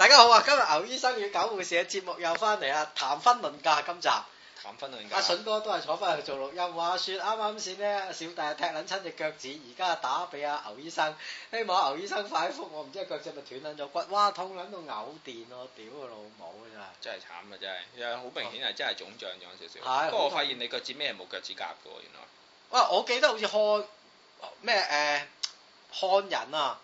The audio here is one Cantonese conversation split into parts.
大家好啊！今日牛醫生與狗護士嘅節目又翻嚟啊，談婚論嫁今集。談婚論嫁。阿筍、啊、哥都係坐翻去做錄音，話説啱啱先呢，小弟踢撚親隻腳趾，而家打俾阿牛醫生，希望牛醫生快啲復我，唔知隻腳趾咪斷撚咗骨，哇痛撚到嘔電喎！屌個老母真係。真係慘啊！真係，好明顯係真係腫脹咗少少。不過、啊、我發現你腳趾咩冇腳趾甲嘅喎，原來。哇、啊！我記得好似漢咩誒漢人啊。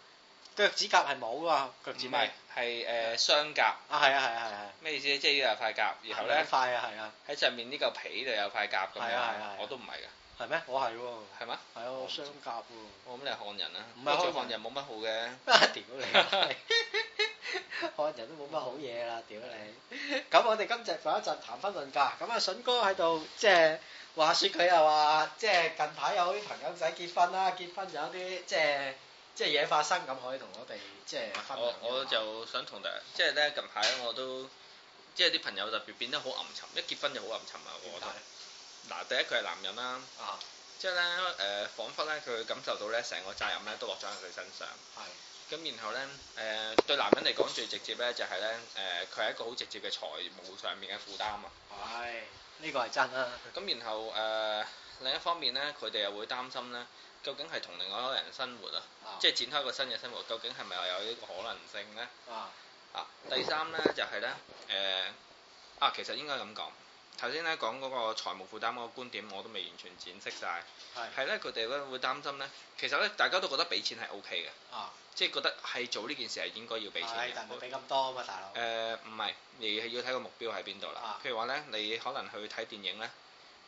腳趾甲係冇啊，嘛？腳趾咪係誒雙甲啊！係啊係啊係啊！咩、啊啊、意思咧？即係有塊甲，然後咧塊啊係啊，喺、啊啊啊、上面呢嚿皮度有塊甲咁樣。啊係啊，啊我都唔係㗎。係咩？我係喎、啊。係嗎？係我，我雙甲喎、啊。我諗你係漢人啊。唔係漢人冇乜好嘅。屌 你！漢人都冇乜好嘢啦！屌你！咁我哋今集放一陣談婚論嫁。咁啊，筍哥喺度即係話説佢又話，即係近排有啲朋友仔結婚啦，結婚有啲即係。即係即係即係嘢發生，咁可以同我哋即係，分我我就想同第，即係咧近排我都，即係啲朋友特別變得好暗沉，一結婚就好暗沉啊！我覺得，嗱第一佢係男人啦，即係咧誒，彷彿咧佢感受到咧成個責任咧都落咗喺佢身上，咁的然後咧誒、呃、對男人嚟講最直接咧就係咧誒佢係一個好直接嘅財務上面嘅負擔啊，係呢、哎呢個係真啊，咁然後誒。呃另一方面咧，佢哋又會擔心咧，究竟係同另外一個人生活啊，即係展開一個新嘅生活，究竟係咪有呢個可能性咧？啊，第三咧就係咧，誒啊，其實應該咁講，頭先咧講嗰個財務負擔嗰個觀點，我都未完全展釋晒，係咧，佢哋咧會擔心咧，其實咧大家都覺得俾錢係 O K 嘅，啊，即係覺得係做呢件事係應該要俾錢嘅，但係唔好俾咁多啊嘛，大佬。誒唔係，你係要睇個目標喺邊度啦。譬如話咧，你可能去睇電影咧。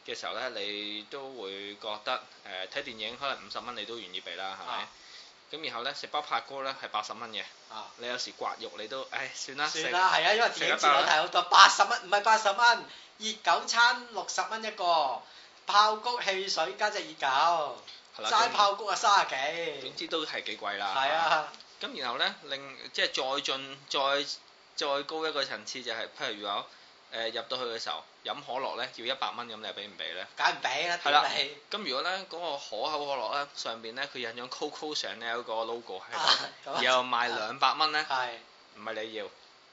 嘅時候咧，你都會覺得誒，睇電影可能五十蚊你都願意俾啦，係咪？咁然後咧食包爆谷咧係八十蚊嘅，你有時刮肉你都，唉算啦，算啦，係啊，因為電影節我睇好多八十蚊，唔係八十蚊，熱狗餐六十蚊一個，爆谷汽水加隻熱狗，齋爆谷啊三啊幾。總之都係幾貴啦。係啊。咁然後咧令即係再進再再高一個層次就係，譬如話。誒，入到去嘅時候飲可樂咧，要一百蚊，咁你又俾唔俾咧？梗唔俾啦，係啦。咁如果咧嗰個可口可樂咧上邊咧，佢印咗 Coco Chanel 個 logo，然後賣兩百蚊咧，係唔係你要？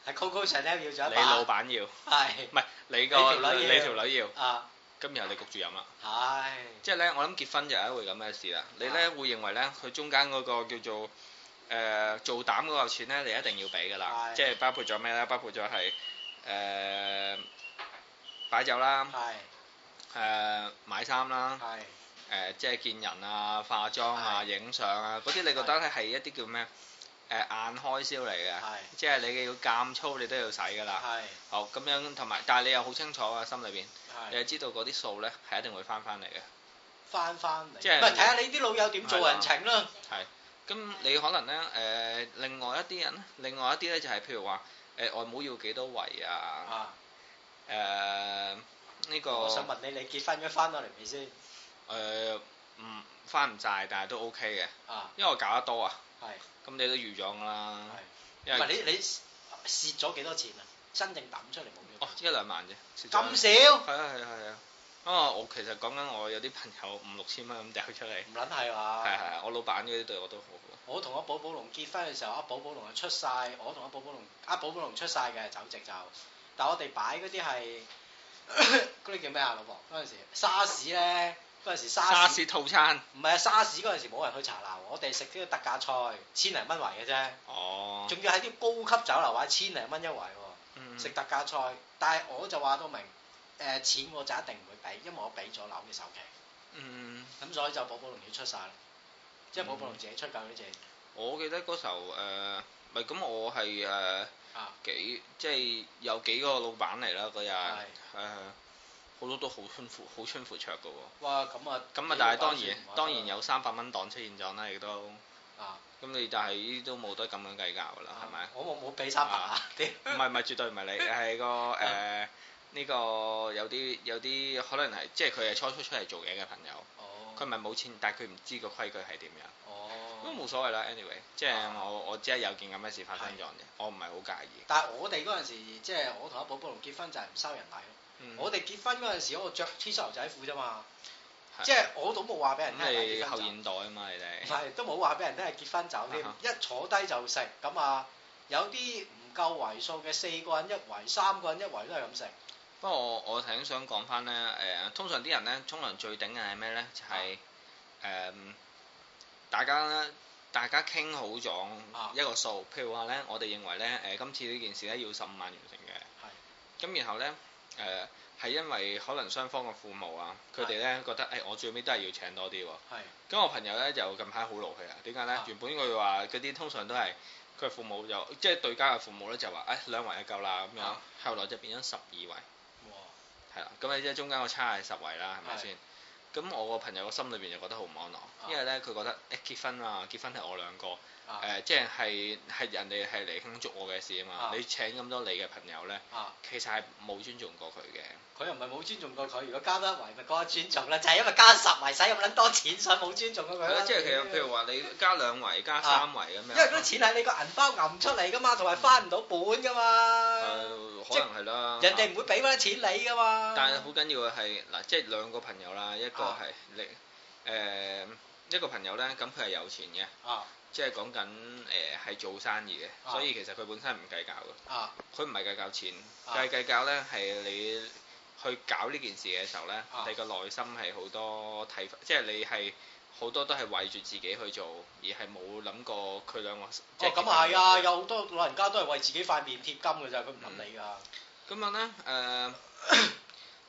係 Coco Chanel 要咗一百。你老闆要？係。唔係你個你條女要？啊。咁然後你焗住飲啦。係。即係咧，我諗結婚就係一回咁嘅事啦。你咧會認為咧，佢中間嗰個叫做誒做膽嗰個錢咧，你一定要俾噶啦。係。即係包括咗咩咧？包括咗係。誒，擺酒啦，係，誒買衫啦，係，誒即係見人啊化妝啊影相啊嗰啲，你覺得係一啲叫咩？誒硬開銷嚟嘅，係，即係你嘅要鑑操，你都要使噶啦，係。好，咁樣，同埋，但係你又好清楚啊，心裏邊，你係知道嗰啲數咧係一定會翻翻嚟嘅，翻翻嚟。即係，睇下你啲老友點做人情咯。係。咁你可能咧，誒，另外一啲人咧，另外一啲咧就係譬如話。.誒，外母、呃、要幾多位啊？誒、啊、呢、呃這個我想問你，你結婚咗翻到嚟未先？誒、呃，唔翻唔晒，但係都 OK 嘅，啊、因為我搞得多啊。係是，咁你都預咗㗎啦。係是，唔係因為 你你蝕咗幾多錢啊？真正抌出嚟冇幾多錢、啊。哦、啊，一兩萬啫。蝕咁少？係啊係啊係啊。啊、哦！我其實講緊我有啲朋友五六千蚊咁掉出嚟，唔撚係話，係係，我老闆嗰啲對我都好好。我同阿寶寶龍結婚嘅時候，阿、啊、寶寶龍係出晒。我同阿寶寶龍阿、啊、寶寶龍出晒嘅酒席就，但係我哋擺嗰啲係嗰啲叫咩啊？老婆嗰陣時，時沙士咧，嗰陣時沙士套餐，唔係啊沙士嗰陣時冇人去茶樓，我哋食啲個特價菜千零蚊圍嘅啫，哦，仲要喺啲高級酒樓擺千零蚊一圍喎，食、嗯、特價菜，但係我就話到明。誒錢我就一定唔會俾，因為我俾咗樓嘅首期。嗯。咁所以就寶寶龍要出曬，即係寶寶龍自己出夠啲錢。我記得嗰時候誒，咪咁我係誒幾，即係有幾個老闆嚟啦嗰日，誒好多都好穿褲，好穿褲著嘅喎。哇！咁啊。咁啊！但係當然當然有三百蚊檔出現咗啦，亦都。啊。咁你但係都冇得咁樣計較㗎啦，係咪？我冇冇俾三百啊？唔係唔係，絕對唔係你係個誒。呢個有啲有啲可能係即係佢係初初出嚟做嘢嘅朋友，佢咪冇錢，但係佢唔知個規矩係點樣，都冇所謂啦。anyway，即係我我只係有件咁嘅事發生咗嘅，我唔係好介意。但係我哋嗰陣時即係我同阿寶寶龍結婚就係唔收人禮咯。我哋結婚嗰陣時我着 T 恤牛仔褲啫嘛，即係我都冇話俾人聽。咁係後現代啊嘛，你哋係都冇話俾人聽係結婚酒添，一坐低就食咁啊！有啲唔夠圍數嘅，四個人一圍，三個人一圍都係咁食。不過我挺想講翻呢，誒通常啲人呢沖涼最頂嘅係咩呢？就係、是、誒對、um, 大家大家傾好咗一個數，譬如話呢，我哋認為呢，誒、啊、今次呢件事呢要十五萬完成嘅。係是。咁然後呢，誒、啊、係因為可能雙方嘅父母啊，佢哋呢是覺得誒、哎、我最尾都係要請多啲喎。咁是我朋友呢就近排好勞氣啊！點解呢？原本佢話嗰啲通常都係佢父母就即係對家嘅父母呢就話誒兩圍就夠啦咁樣，哎、後，後來就變咗十二圍。係啦，咁你即係中間個差係十位啦，係咪先？咁是我個朋友個心裏邊就覺得好唔安樂，啊、因為咧佢覺得誒結婚啦，結婚係我兩個。誒、呃，即係係人哋係嚟慶祝我嘅事啊嘛！啊你請咁多你嘅朋友咧，啊、其實係冇尊重過佢嘅。佢又唔係冇尊重過佢，如果加一圍咪過尊重啦，就係、是、因為加十圍使咁撚多錢，所以冇尊重咁樣、啊。嗯嗯、即係其實譬如話你加兩圍、加三圍咁、啊、樣。因為嗰啲錢喺你個銀包揞出嚟噶嘛，同埋翻唔到本噶嘛。嗯、即可能係啦。人哋唔會俾嗰啲錢你噶嘛。嗯、但係好緊要嘅係嗱，即係兩個朋友啦，一個係你誒一個朋友咧，咁佢係有錢嘅。即係講緊誒係做生意嘅，啊、所以其實佢本身唔計較嘅，佢唔係計較錢，計計、啊、較咧係你去搞呢件事嘅時候咧，啊、你個內心係好多睇法。即係你係好多都係為住自己去做，而係冇諗過佢兩個。哦，咁啊係啊，有好多老人家都係為自己塊面貼金嘅啫，佢唔你㗎。咁樣咧誒，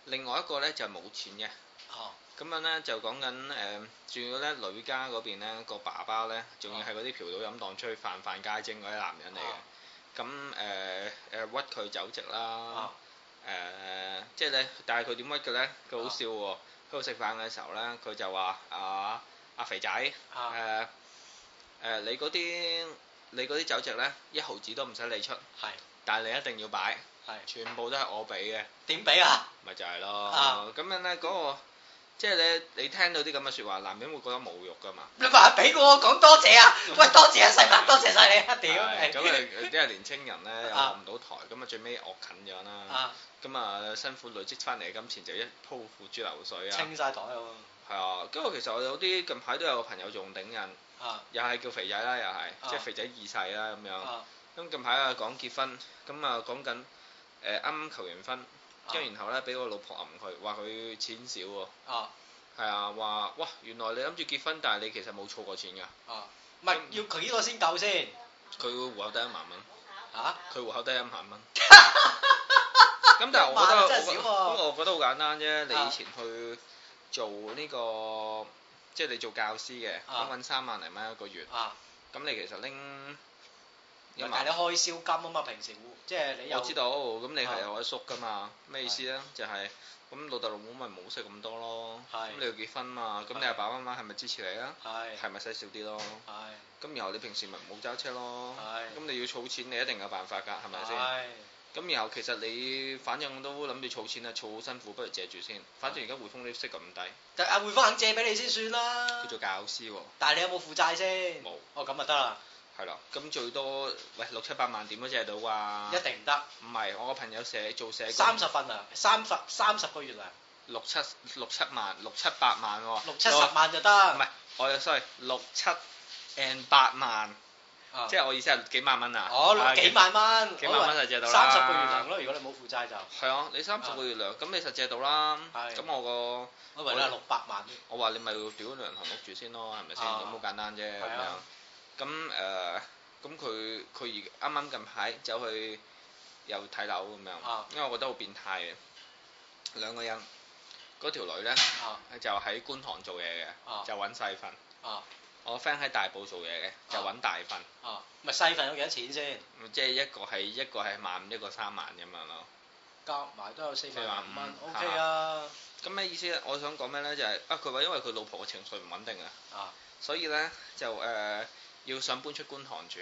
另外一個咧就係、是、冇錢嘅。啊。咁樣咧就講緊誒，仲要咧女家嗰邊咧個爸爸咧，仲要係嗰啲嫖賭飲蕩吹飯飯皆精嗰啲男人嚟嘅。咁誒誒屈佢酒席啦，誒即係咧，但係佢點屈嘅咧？佢好笑喎，喺度食飯嘅時候咧，佢就話阿阿肥仔誒誒，你嗰啲你啲酒席咧一毫子都唔使你出，但係你一定要擺，全部都係我俾嘅。點俾啊？咪就係咯，咁樣咧嗰個。即係咧，你聽到啲咁嘅説話，男人會覺得侮辱㗎嘛？你話俾我講多謝啊！喂，多謝啊，細伯，多謝晒你啊！屌，咁你啲係年青人咧又落唔到台，咁啊最尾落近咗啦，咁啊辛苦累積翻嚟嘅金錢就一鋪付諸流水啊，清晒袋喎。係啊，不過其實我有啲近排都有個朋友用頂癮，又係叫肥仔啦，又係即係肥仔二世啦咁樣。咁近排啊講結婚，咁啊講緊誒啱啱求完婚。跟住然後咧，俾我老婆揞佢，話佢錢少喎。啊，係啊，話哇，原來你諗住結婚，但係你其實冇儲過錢㗎。啊，唔係、嗯、要佢呢個先夠先。佢個戶口得一萬蚊。嚇、啊？佢戶口得一萬蚊。咁 但係我覺得， 麼我覺得好、啊、簡單啫。你以前去做呢、這個，即係你做教師嘅，咁揾三萬零蚊一個月。啊。咁你其實拎？但係你開銷金啊嘛，平時即係你我知道，咁你係有位叔㗎嘛，咩意思咧？就係咁老豆老母咪唔好食咁多咯，咁你要結婚嘛，咁你阿爸阿媽係咪支持你啊？係，係咪使少啲咯？係，咁然後你平時咪冇揸車咯，咁你要儲錢，你一定有辦法㗎，係咪先？係，咁然後其實你反正我都諗住儲錢啊，儲好辛苦，不如借住先。反正而家匯豐利息咁低，但阿匯豐肯借俾你先算啦。叫做教師喎，但係你有冇負債先？冇，哦咁咪得啦。係啦，咁最多喂六七百萬點都借到啩？一定唔得。唔係，我個朋友寫做寫。三十份啊，三十三十個月啊。六七六七萬，六七百萬喎。六七十萬就得。唔係，我 sorry 六七誒八萬，即係我意思係幾萬蚊啊？哦，六幾萬蚊，幾萬蚊就借到啦。三十個月糧咯，如果你冇負債就。係啊，你三十個月糧，咁你實借到啦。係。咁我個我以為你六百萬。我話你咪要屌兩行屋住先咯，係咪先？咁好簡單啫咁樣。咁誒咁佢佢而啱啱近排走去又睇樓咁樣，因為我覺得好變態嘅兩個人嗰條女咧就喺觀塘做嘢嘅，就揾細份。我 friend 喺大埔做嘢嘅，就揾大份。唔係細份有幾多錢先？即係一個係一個係萬五，一個三萬咁樣咯。夾埋都有四萬五蚊，O K 啊，咁咩意思？我想講咩咧？就係啊，佢話因為佢老婆嘅情緒唔穩定啊，所以咧就誒。要想搬出觀塘住，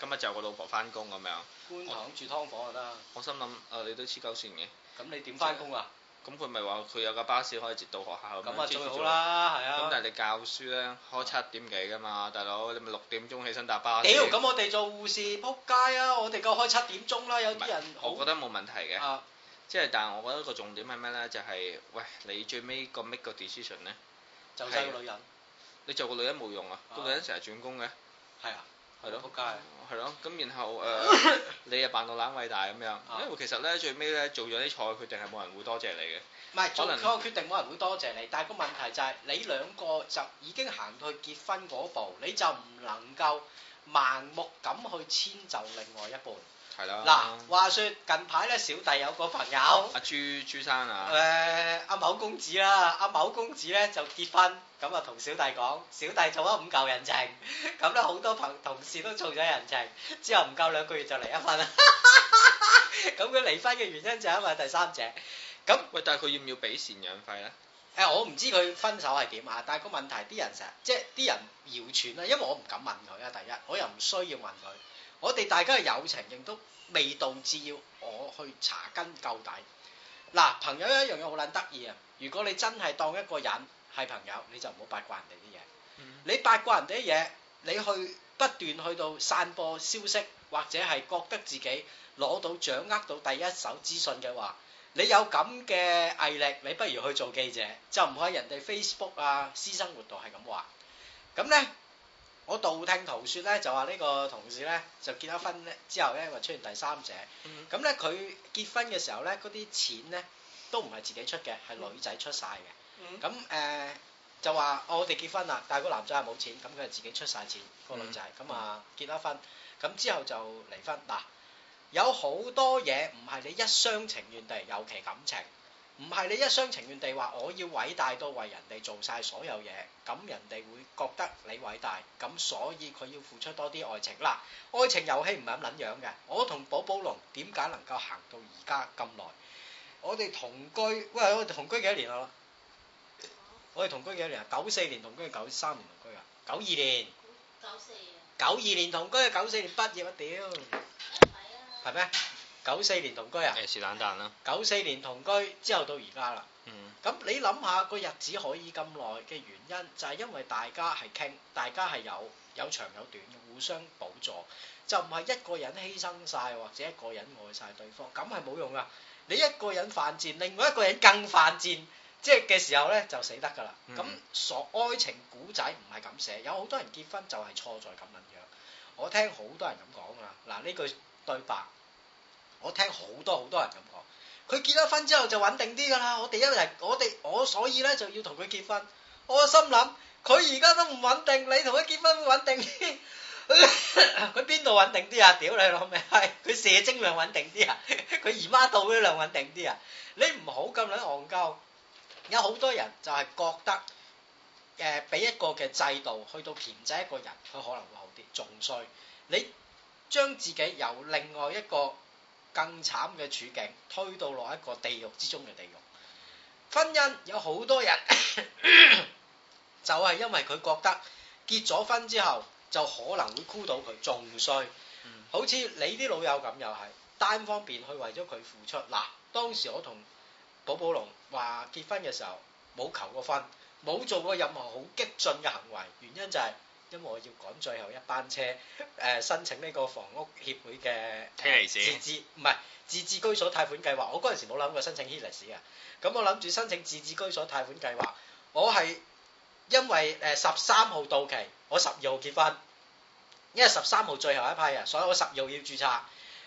今日就個老婆翻工咁樣，觀塘住劏房就得。我心諗，啊你都黐鳩線嘅。咁你點翻工啊？咁佢咪話佢有架巴士可以接到學校咁？咁啊最好啦，係啊。咁但係你教書咧，開七點幾噶嘛，大佬你咪六點鐘起身搭巴士。屌，咁我哋做護士仆街啊！我哋夠開七點鐘啦，有啲人我覺得冇問題嘅。即係但係我覺得個重點係咩咧？就係喂，你最尾個 make 個 decision 咧，就係個女人。你做個女人冇用啊！個女人成日轉工嘅。係啊，係咯仆街，係咯咁，然後誒，呃、 你又扮到懶偉大咁樣，因為其實咧最尾咧做咗啲錯嘅決定係冇人會多謝你嘅，唔係是能做錯嘅決定冇人會多謝你，但係個問題就係、是、你兩個就已經行到去結婚嗰步，你就唔能夠盲目咁去遷就另外一半。係啦，嗱，啊、話說近排咧，小弟有個朋友阿、啊、朱朱生啊，誒、呃，阿某公子啦，阿某公子咧就結婚，咁啊同小弟講，小弟做咗五嚿人情，咁咧好多朋同事都做咗人情，之後唔夠兩個月就離婚啦，咁佢離婚嘅原因就係因為第三者，咁喂，但係佢要唔要俾贍養費咧？誒、呃，我唔知佢分手係點啊，但係個問題啲人成日，即係啲人謠傳啊，因為我唔敢問佢啊，第一，我又唔需要問佢。我哋大家嘅友情，亦都未到至要我去查根究底。嗱，朋友一樣嘢好撚得意啊！如果你真係當一個人係朋友，你就唔好八卦人哋啲嘢。你八卦人哋啲嘢，你去不斷去到散播消息，或者係覺得自己攞到掌握到第一手資訊嘅話，你有咁嘅毅力，你不如去做記者，就唔好喺人哋 Facebook 啊私生活度係咁話。咁咧。我道聽途説咧，就話呢個同事咧就結咗婚咧，之後咧咪出現第三者。咁咧佢結婚嘅時候咧，嗰啲錢咧都唔係自己出嘅，係、嗯、女仔出晒嘅。咁誒、嗯呃、就話、哦、我哋結婚啦，但係個男仔係冇錢，咁佢係自己出晒錢、那個女仔，咁啊、嗯、結咗婚，咁、嗯、之後就離婚嗱、啊。有好多嘢唔係你一廂情願地，尤其感情，唔係你一廂情願地話我要偉大到為人哋做晒所有嘢，咁人哋會覺得你偉大，咁所以佢要付出多啲愛情。嗱，愛情遊戲唔係咁捻樣嘅。我同寶寶龍點解能夠行到而家咁耐？我哋同居喂，我哋同居幾多年啊？我哋同居幾多年啊？九四年同居，九三年同居啊？九二年？九四啊？九二年同居，九四年畢業我屌。係咩？九四年同居啊？是但但啦。九四年同居之後到而家啦。嗯。咁你諗下個日子可以咁耐嘅原因，就係因為大家係傾，大家係有有長有短，互相補助，就唔係一個人犧牲晒，或者一個人愛晒對方，咁係冇用噶。你一個人犯賤，另外一個人更犯賤，即係嘅時候咧就死得噶啦。咁傻愛情古仔唔係咁寫，有好多人結婚就係錯在咁樣樣。我聽好多人咁講啊，嗱呢句對白。我聽好多好多人咁講，佢結咗婚之後就穩定啲噶啦。我哋一齊，我哋我所以咧就要同佢結婚。我心諗，佢而家都唔穩定，你同佢結婚會穩定啲？佢邊度穩定啲啊？屌你老味，係佢射精量穩定啲啊？佢姨媽度嗰啲量穩定啲啊？你唔好咁樣戇鳩。有好多人就係覺得，誒、呃，俾一個嘅制度去到鉗制一個人，佢可能會好啲，仲衰。你將自己由另外一個。更慘嘅處境，推到落一個地獄之中嘅地獄。婚姻有好多人， 就係因為佢覺得結咗婚之後，就可能會箍到佢仲衰。嗯，好似你啲老友咁又係，單方面去為咗佢付出。嗱，當時我同寶寶龍話結婚嘅時候，冇求過婚，冇做過任何好激進嘅行為，原因就係、是。因為我要趕最後一班車，誒、呃、申請呢個房屋協會嘅 h i 自置唔係自置居所貸款計劃。我嗰陣時冇諗過申請 Hilis 嘅，咁我諗住申請自置居所貸款計劃。我係因為誒十三號到期，我十二號結婚，因為十三號最後一批人，所以我十二號要註冊。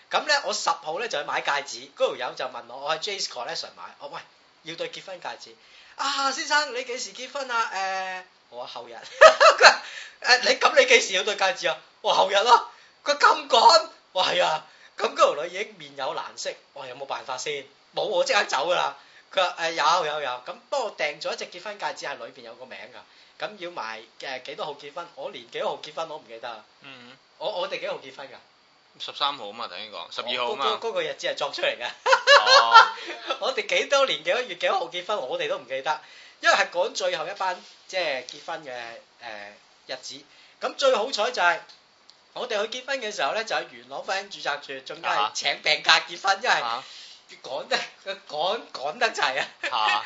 咁咧，我十號咧就去買戒指，嗰條友就問我，我喺 Jewel Collection 買，哦喂，要對結婚戒指啊，先生你幾時結婚啊？誒、呃我話後日， 佢話誒你咁你幾時要對戒指啊？我後日咯，佢咁趕，哇係啊，咁嗰條女已經面有難色，哇有冇辦法先？冇我即刻走噶啦。佢話誒有有有，咁幫我訂咗一隻結婚戒指係裏邊有個名噶，咁要埋誒幾多號結婚？我年幾多號結婚我唔記得。嗯，嗯我。我我哋幾號結婚噶？十三號啊嘛，等於講十二號嗰個日子係作出嚟噶、 哦 我哋幾多年幾多月幾多號結婚我哋都唔記得。因為係趕最後一班即係結婚嘅誒日子，咁最好彩就係我哋去結婚嘅時候咧，就喺元朗婚姻註冊處，仲加請病假結婚，因為趕得趕趕得滯啊！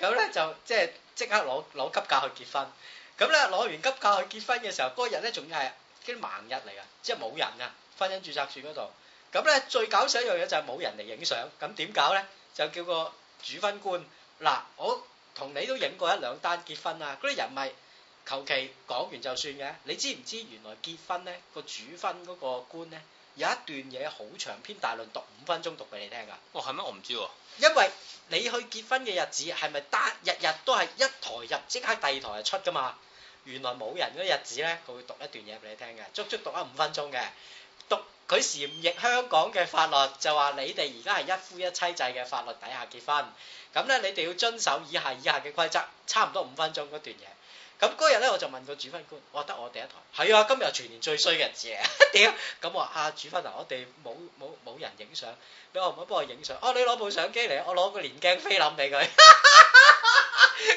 咁咧就即係即刻攞攞急假去結婚，咁咧攞完急假去結婚嘅時候，嗰日咧仲要係啲盲日嚟噶，即係冇人啊！婚姻註冊處嗰度，咁咧最搞笑一樣嘢就係冇人嚟影相，咁點搞咧？就叫個主婚官嗱我。同你都影過一兩單結婚啊！嗰啲人咪求其講完就算嘅。你知唔知原來結婚咧，個主婚嗰個官咧，有一段嘢好長篇大論，讀五分鐘讀俾你聽噶。哦，係咩？我唔知喎、啊。因為你去結婚嘅日子係咪單日日都係一台入即刻第二台就出㗎嘛？原來冇人嗰啲日子咧，佢會讀一段嘢俾你聽嘅，足足讀咗五分鐘嘅。佢禪譯香港嘅法律，就話你哋而家係一夫一妻制嘅法律底下結婚，咁咧你哋要遵守以下以下嘅規則，差唔多五分鐘嗰段嘢。咁嗰日咧我就問個主婚官，我得我第一台，係啊，今日全年最衰嘅日子啊，屌！咁我話啊主婚啊，我哋冇冇冇人影相，你可唔可幫我影相？哦、啊，你攞部相機嚟，我攞個連鏡菲林俾佢。哈哈哈哈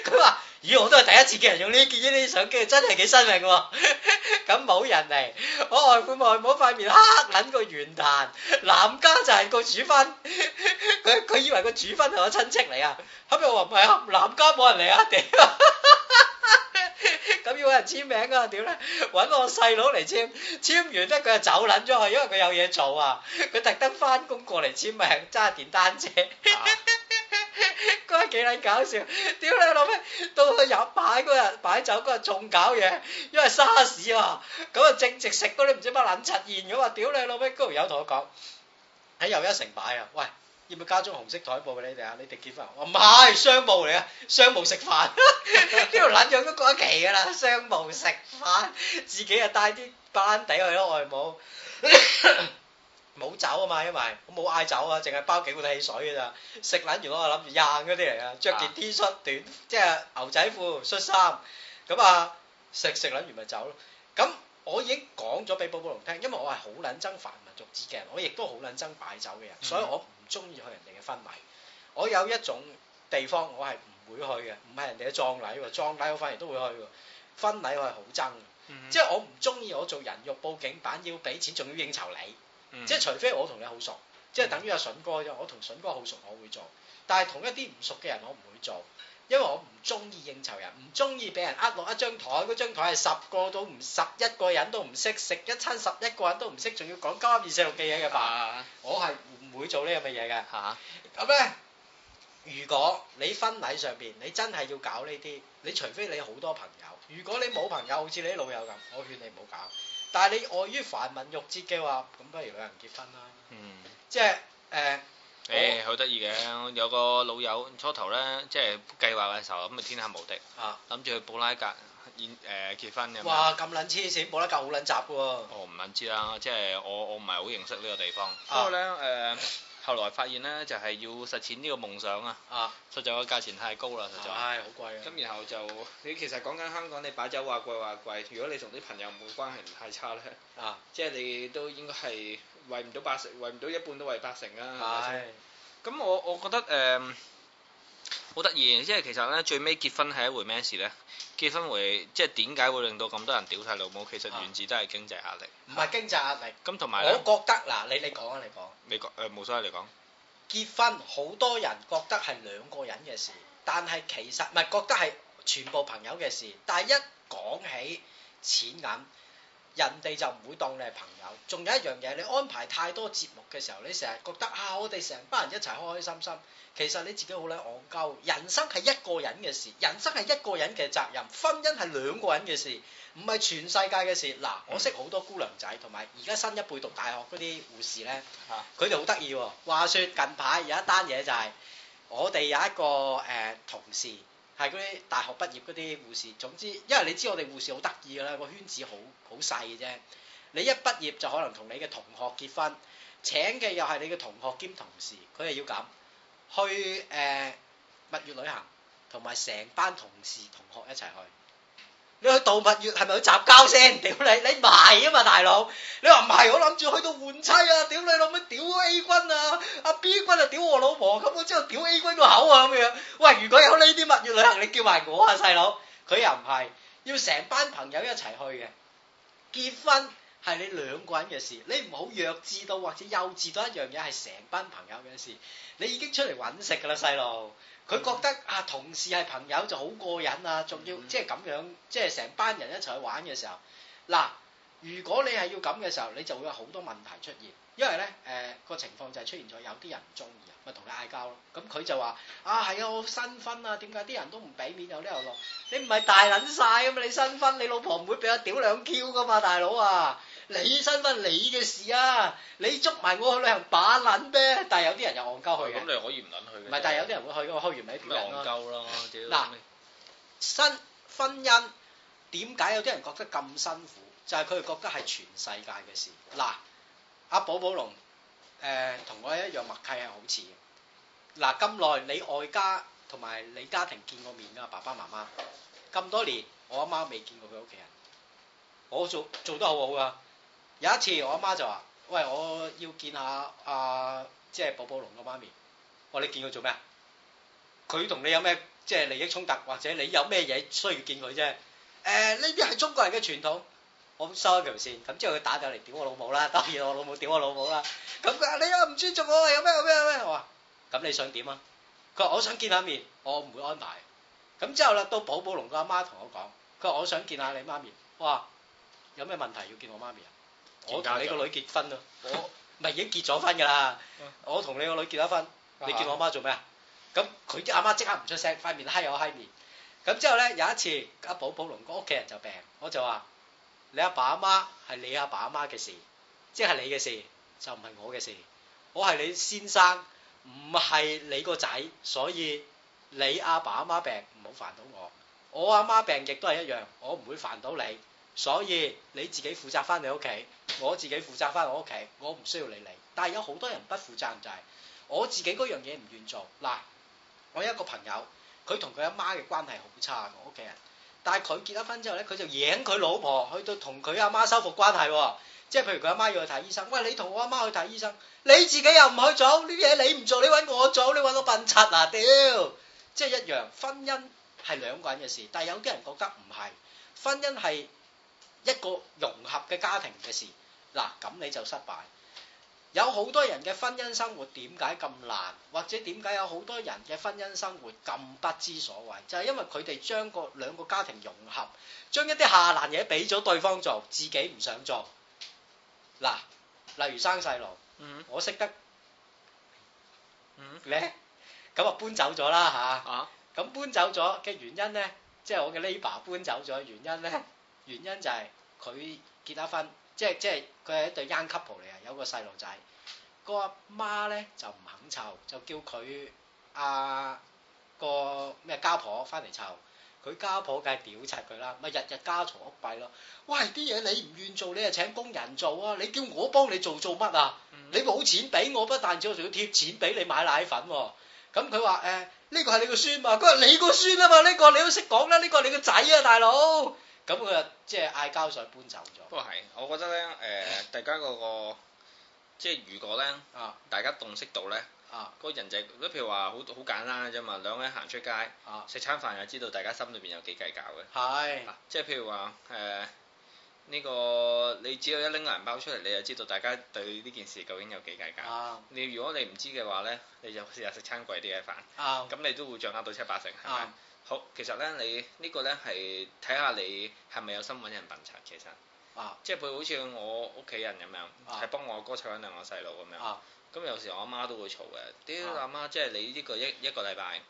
佢話，咦， 我都係第一次見人用呢件呢啲相機，真係幾新穎。咁冇人嚟，我外父外母塊面黑，捻個軟蛋，男家就係個主婚，佢 佢以為個主婚係我親戚嚟啊。咁我話唔係啊，男家冇人嚟啊，屌！咁 要搵人簽名啊，屌啦，搵我細佬嚟簽，簽完咧佢就走捻咗去，因為佢有嘢做啊，佢特登翻工過嚟簽名，揸電單車。 啊嗰個幾撚搞笑，屌你老味，到去飲擺嗰日擺酒嗰日仲搞嘢，因為沙士喎，咁啊正直食啲都唔知乜撚出現咗喎，屌你老味，嗰條友同我講喺又一城擺啊，喂，要唔要加張紅色台布俾你哋啊？你哋結婚，我唔係商務嚟啊，商務食飯，呢條撚樣都過一期噶啦，商務食飯，自己啊帶啲班底去囉，外母。冇酒啊嘛，因為我冇嗌酒啊，淨係包幾罐汽水嘅咋，食撚完我啊諗住硬嗰啲嚟啊，着件 T 恤短，即係牛仔褲恤衫咁啊，食食撚完咪走咯。咁我已經講咗俾寶寶龍聽，因為我係好撚憎繁文縟節嘅人，我亦都好撚憎擺酒嘅人，所以我唔中意去人哋嘅婚禮。我有一種地方我係唔會去嘅，唔係人哋嘅葬禮喎，葬禮我反而都會去喎。婚禮我係好憎，即係我唔中意我做人肉報警版，要俾錢仲要應酬你。嗯、即係除非我同你好熟，嗯、即係等於阿筍哥啫。我同筍哥好熟，我會做。但係同一啲唔熟嘅人，我唔會做，因為我唔中意應酬人，唔中意俾人呃落一張台。嗰張台係十個都唔十一個人都唔識，食一餐十一個人都唔識，仲要講交二四六嘅嘢嘅話，啊、我係唔會做、啊、呢樣咁嘅嘢嘅。嚇咁咧，如果你婚禮上邊你真係要搞呢啲，你除非你好多朋友。如果你冇朋友，好似你啲老友咁，我勸你唔好搞。但係你礙於繁文縟節嘅話，咁不如兩人結婚啦。嗯即。即係誒。誒、欸，好得意嘅，有個老友初頭咧，即係計劃嘅時候咁啊，天下無敵啊，諗住去布拉格，演、呃、誒結婚咁。哇！咁撚黐線，布拉格好撚雜嘅喎。哦，唔撚知啦，即係我我唔係好認識呢個地方。不過咧誒。呃後來發現呢，就係、是、要實踐呢個夢想啊！啊，實在個價錢太高啦，哎、實在。唉、哎，好貴啊！咁然後就你其實講緊香港，你擺酒話貴話貴，如果你同啲朋友冇關係唔太差咧，啊，即係你都應該係圍唔到八成，圍唔到一半都圍八成啦，係咁喂喂我我覺得誒。呃好得意，即係其實咧，最尾結婚係一回咩事咧？結婚會即係點解會令到咁多人屌晒老母？其實源自都係經濟壓力。唔係、啊啊、經濟壓力。咁同埋，我覺得嗱，你你講啊，你講。你講誒，冇所謂，你講。結婚好多人覺得係兩個人嘅事，但係其實唔係覺得係全部朋友嘅事，但係一講起錢銀。人哋就唔會當你係朋友，仲有一樣嘢，你安排太多節目嘅時候，你成日覺得啊，我哋成班人一齊開開心心，其實你自己好捻戇鳩。人生係一個人嘅事，人生係一個人嘅責任，婚姻係兩個人嘅事，唔係全世界嘅事。嗱，我識好多姑娘仔，同埋而家新一輩讀大學嗰啲護士咧，佢哋好得意。話說近排有一單嘢就係、是，我哋有一個誒、呃、同事。係嗰啲大學畢業嗰啲護士，總之，因為你知我哋護士好得意㗎啦，個圈子好好細嘅啫。你一畢業就可能同你嘅同學結婚，請嘅又係你嘅同學兼同事，佢係要咁去誒、呃、蜜月旅行，同埋成班同事同學一齊去。你去度蜜月係咪去雜交先？屌你，你唔係啊嘛，大佬！你話唔係，我諗住去到換妻啊！屌你老味屌，屌 A 君啊？阿 B 君啊？屌我老婆，咁我之後屌 A 君個口啊咁樣？喂，如果有呢啲蜜月旅行，你叫埋我啊，細佬！佢又唔係，要成班朋友一齊去嘅。結婚係你兩個人嘅事，你唔好弱智到或者幼稚到一樣嘢係成班朋友嘅事。你已經出嚟揾食噶啦，細路。佢覺得啊，同事係朋友就好過癮啊，仲要即係咁樣，即係成班人一齊去玩嘅時候，嗱，如果你係要咁嘅時候，你就會有好多問題出現，因為咧誒、呃、個情況就係出現咗，有啲人唔中意啊，咪同你嗌交咯。咁、嗯、佢就話啊，係啊，我新婚啊，點解啲人都唔俾面，有啲人落，你唔係大撚晒㗎嘛，你新婚，你老婆唔會俾我屌兩 Q 噶嘛，大佬啊！你新婚你嘅事啊，你捉埋我去旅行把撚咩、啊？但係有啲人又戇鳩去嘅。咁你可以唔撚去嘅。唔係，但係有啲人會去嘅，就是、我開完咪、啊。咪戇鳩咯，屌！嗱，新婚姻點解有啲人覺得咁辛苦？就係佢哋覺得係全世界嘅事。嗱、啊，阿寶寶龍誒同、呃、我一樣默契係好似嘅。嗱、啊，咁耐你外家同埋你家庭見過面㗎，爸爸媽媽，咁多年我阿媽未見過佢屋企人，我做做得好好㗎。有一次，我阿媽就話：喂，我要見下阿即係寶寶龍個媽咪。我你見佢做咩啊？佢同你有咩即係利益衝突，或者你有咩嘢需要見佢啫？誒、呃，呢啲係中國人嘅傳統，我收一條線。咁之後佢打電嚟屌我老母啦，當然我老母屌我老母啦。咁佢話你又唔尊重我，有咩有咩有咩？我話：咁你想點啊？佢話：我想見下面，我唔會安排。咁之後啦，到寶寶龍個阿媽同我講：佢話我想見下你媽咪。哇！有咩問題要見我媽咪啊？我同你個女結婚咯， 我唔係已經結咗婚噶啦，我同你個女結咗婚， 你叫我阿媽做咩啊？咁佢啲阿媽即刻唔出聲，塊面嗨有嗨面。咁之後咧，有一次阿寶寶龍哥屋企人就病，我就話你阿爸阿媽係你阿爸阿媽嘅事，即係你嘅事，就唔係我嘅事。我係你先生，唔係你個仔，所以你阿爸阿媽病唔好煩到我，我阿媽病亦都係一樣，我唔會煩到你。所以你自己負責翻你屋企，我自己負責翻我屋企，我唔需要你嚟。但係有好多人不負責任就係、是，我自己嗰樣嘢唔願意做。嗱，我有一個朋友，佢同佢阿媽嘅關係好差，我屋企人。但係佢結咗婚之後咧，佢就贏佢老婆去到同佢阿媽修復關係。哦、即係譬如佢阿媽要去睇醫生，喂，你同我阿媽去睇醫生，你自己又唔去做呢啲嘢，你唔做你搵我做，你搵我，我笨柒啊屌！即係一樣，婚姻係兩個人嘅事，但係有啲人覺得唔係，婚姻係。一個融合嘅家庭嘅事，嗱，咁你就失敗。有好多人嘅婚姻生活點解咁難，或者點解有好多人嘅婚姻生活咁不知所謂，就係因為佢哋將個兩個家庭融合，將一啲下欄嘢俾咗對方做，自己唔想做。嗱，例如生細路，我識得，嗯，你咁啊搬走咗啦吓，咁搬走咗嘅原因咧，即係我嘅呢爸搬走咗嘅原因咧。原因就係佢結咗婚，即係即係佢係一對 young couple 嚟啊！有個細路仔，個阿媽咧就唔肯湊，就叫佢阿、啊、個咩家婆翻嚟湊。佢家婆梗係屌柒佢啦，咪日日家嘈屋閉咯。喂，啲嘢你唔願做，你啊請工人做啊！你叫我幫你做做乜啊？你冇錢俾我不但止，我仲要貼錢俾你買奶粉、啊。咁佢話：誒呢、嗯呃呢個係你個孫嘛？佢話你個孫啊嘛！呢、呢個你都識講啦，呢、呢個你個仔啊，大佬！咁佢即係嗌交，所以搬走咗。不過係，我覺得咧，誒、呃，大家嗰、那個即係如果咧，啊、大家洞悉到咧，嗰、啊、人就是，如果譬如話，好好簡單嘅啫嘛。兩個人行出街，食、啊、餐飯又知道大家心裏邊有幾計較嘅。係是、啊，即係譬如話，誒、呃，呢、這個你只要一拎個銀包出嚟，你就知道大家對呢件事究竟有幾計較。啊、你如果你唔知嘅話咧，你就試下食餐貴啲嘅飯，咁你都會掌握到七八成，係咪？好，其實咧，你呢個咧係睇下你係咪有心揾人笨茶，其實啊，即係譬如好似我屋企人咁樣，係幫我哥湊緊兩個細路咁樣，咁有時我阿媽都會嘈嘅。屌阿媽，即係你呢個一一個禮拜，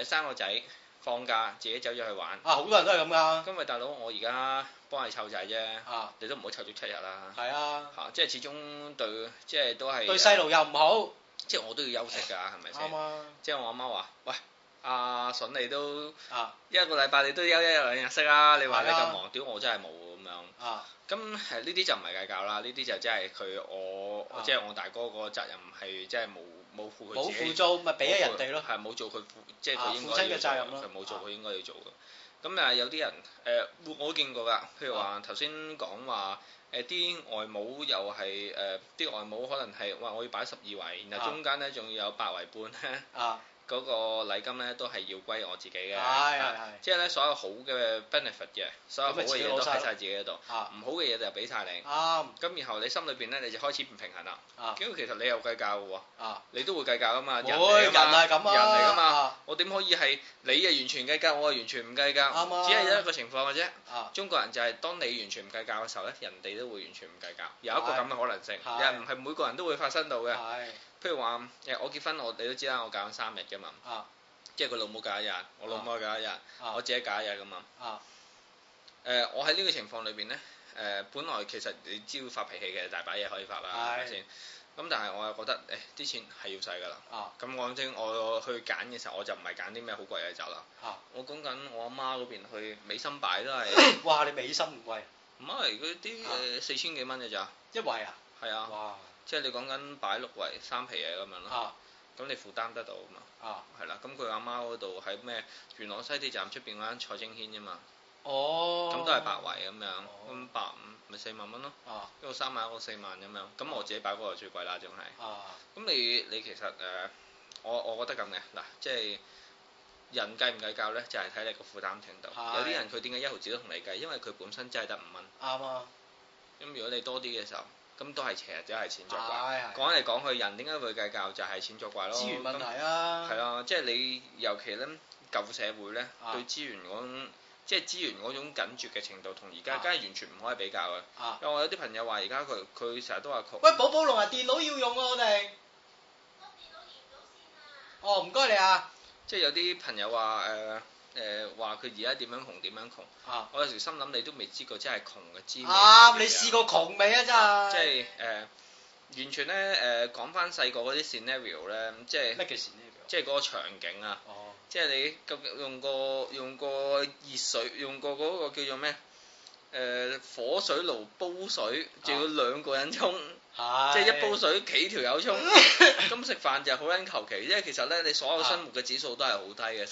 誒三個仔放假自己走咗去玩，啊好多人都係咁噶。因為大佬，我而家幫你湊仔啫，你都唔好湊足七日啦。係啊，即係始終對，即係都係對細路又唔好。即係我都要休息㗎，係咪先？即係我阿媽話：喂。阿筍你都一個禮拜你都休一日兩日息啦，你話你咁忙，屌我真係冇咁樣。咁係呢啲就唔係計較啦，呢啲就真係佢，我即係我大哥個責任係真係冇，冇負佢。冇負租咪俾咗人哋咯。係冇做佢負，即係佢應該嘅責任咯，佢冇做佢應該要做嘅。咁啊有啲人誒我見過㗎，譬如話頭先講話誒啲外母又係誒啲外母可能係，哇我要擺十二圍，然後中間咧仲要有八圍半咧。嗰個禮金咧都係要歸我自己嘅，即係咧所有好嘅 benefit 嘅，所有好嘅嘢都喺晒自己嗰度，唔好嘅嘢就俾晒你。啱。咁然後你心裏邊咧你就開始唔平衡啦。啊。因為其實你又計較嘅喎。啊。你都會計較啊嘛。會，人係咁啊。人嚟噶嘛。我點可以係你係完全計較，我係完全唔計較？只係一個情況嘅啫。中國人就係當你完全唔計較嘅時候咧，人哋都會完全唔計較，有一個咁嘅可能性。人唔係每個人都會發生到嘅。係。譬如話誒，我結婚我你都知啦，我揀咗三日嘅嘛，即係佢老母揀一日，我老母揀一日，我自己揀一日㗎嘛。誒，我喺呢個情況裏邊咧，誒，本來其實你只要發脾氣嘅大把嘢可以發啦，係咪先？咁但係我又覺得誒，啲錢係要使噶啦。咁講真，我去揀嘅時候，我就唔係揀啲咩好貴嘅酒啦。我講緊我阿媽嗰邊去美心擺都係，哇！你美心唔貴？唔係，嗰啲誒四千幾蚊嘅咋？一位啊？係啊。即係你講緊擺六圍三皮嘢咁樣咯，咁你負擔得到嘛？係啦，咁佢阿媽嗰度喺咩元朗西鐵站出邊嗰間蔡正軒啫嘛，哦，咁都係八圍咁樣，咁百五咪四萬蚊咯，一個三萬一個四萬咁樣，咁我自己擺嗰個最貴啦，仲係，咁你你其實誒，我我覺得咁嘅，嗱即係人計唔計較咧，就係睇你個負擔程度，有啲人佢點解一毫紙都同你計，因為佢本身真係得五蚊，啱啊，咁如果你多啲嘅時候。咁、嗯、都係成日都係錢作怪，哎、講嚟講去人點解會計較就係錢作怪咯。資源問題啊，係啊。即係你尤其咧舊社會咧對資源嗰種、啊、即係資源嗰種緊絕嘅程度，同而家梗係完全唔可以比較嘅。啊、因為我有啲朋友話而家佢佢成日都話，喂，寶寶龍啊，電腦要用啊，我哋。我電腦連唔到線啊！哦，唔該你啊。即係有啲朋友話誒。呃誒，話佢而家點樣窮點樣窮，啊、我有時心諗，你都未知過真窮，真係窮嘅滋味。啊，你試過窮未啊？真係，即係誒，完全咧誒，講、呃、翻細個嗰啲 scenario 咧，即係即係嗰個場景啊！哦，即係你咁用過用過熱水，用過嗰個叫做咩？誒、呃，火水爐煲水，仲要兩個人沖。即係一煲水幾條友沖，咁食飯就好撚求其，因為其實咧你所有生活嘅指數都係好低嘅，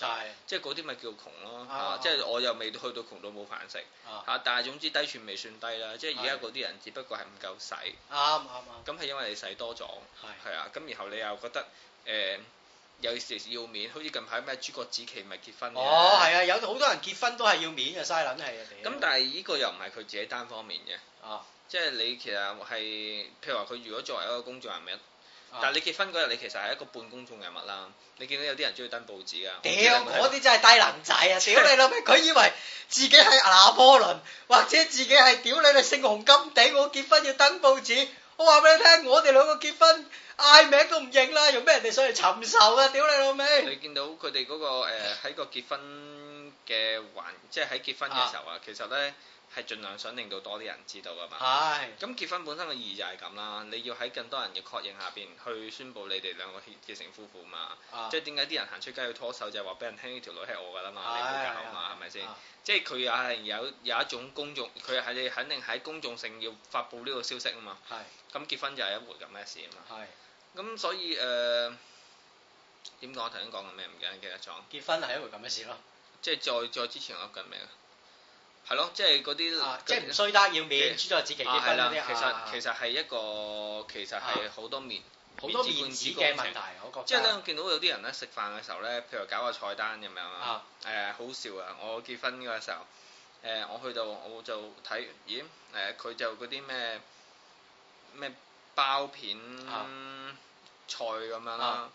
即係嗰啲咪叫窮咯。即係我又未去到窮到冇飯食嚇，但係總之低處未算低啦。即係而家嗰啲人只不過係唔夠使，啱啱啱。咁係因為你使多咗，係啊。咁然後你又覺得誒有時要面，好似近排咩主角紫棋咪結婚，哦係啊，有好多人結婚都係要面嘅，嘥撚氣。咁但係呢個又唔係佢自己單方面嘅啊。即係你其實係，譬如話佢如果作為一個公眾人物，啊、但係你結婚嗰日，你其實係一個半公眾人物啦。你見到有啲人中意登報紙噶，啊、嗰啲真係低能仔啊！屌你老味，佢以為自己係拿破崙，或者自己係屌你哋姓紅金地，我結婚要登報紙。我話俾你聽，我哋兩個結婚嗌名都唔認啦，用咩人哋上嚟尋仇啊！屌你老味。你見到佢哋嗰個誒喺、呃、個結婚嘅環，即係喺結婚嘅時候啊，其實咧。係盡量想令到多啲人知道噶嘛，係。咁結婚本身嘅意義就係咁啦，你要喺更多人嘅確認下邊去宣布你哋兩個結成夫婦嘛，啊、即係點解啲人行出街要拖手就係話俾人聽呢條女係我噶啦嘛，啊、你唔搞嘛係咪先？即係佢也係有有一種公眾，佢係你肯定喺公眾性要發布呢個消息啊嘛，係。咁結婚就係一回咁嘅事啊嘛，係。咁所以誒，點講我頭先講嘅咩唔記得咗？結婚係一回咁嘅事咯。即係再再之前我一句咩啊？係咯，就是、即係嗰啲，即係唔衰得，要面，即係自己結婚對、啊、其實其實係一個其實係好多面，好多面子嘅問題，程我覺得。即係咧，我見到有啲人咧食飯嘅時候咧，譬如搞個菜單咁樣啊，誒、欸、好笑啊！我結婚嘅時候，誒、欸、我去到我就睇，咦誒佢就嗰啲咩咩包片菜咁樣啦，啊啊、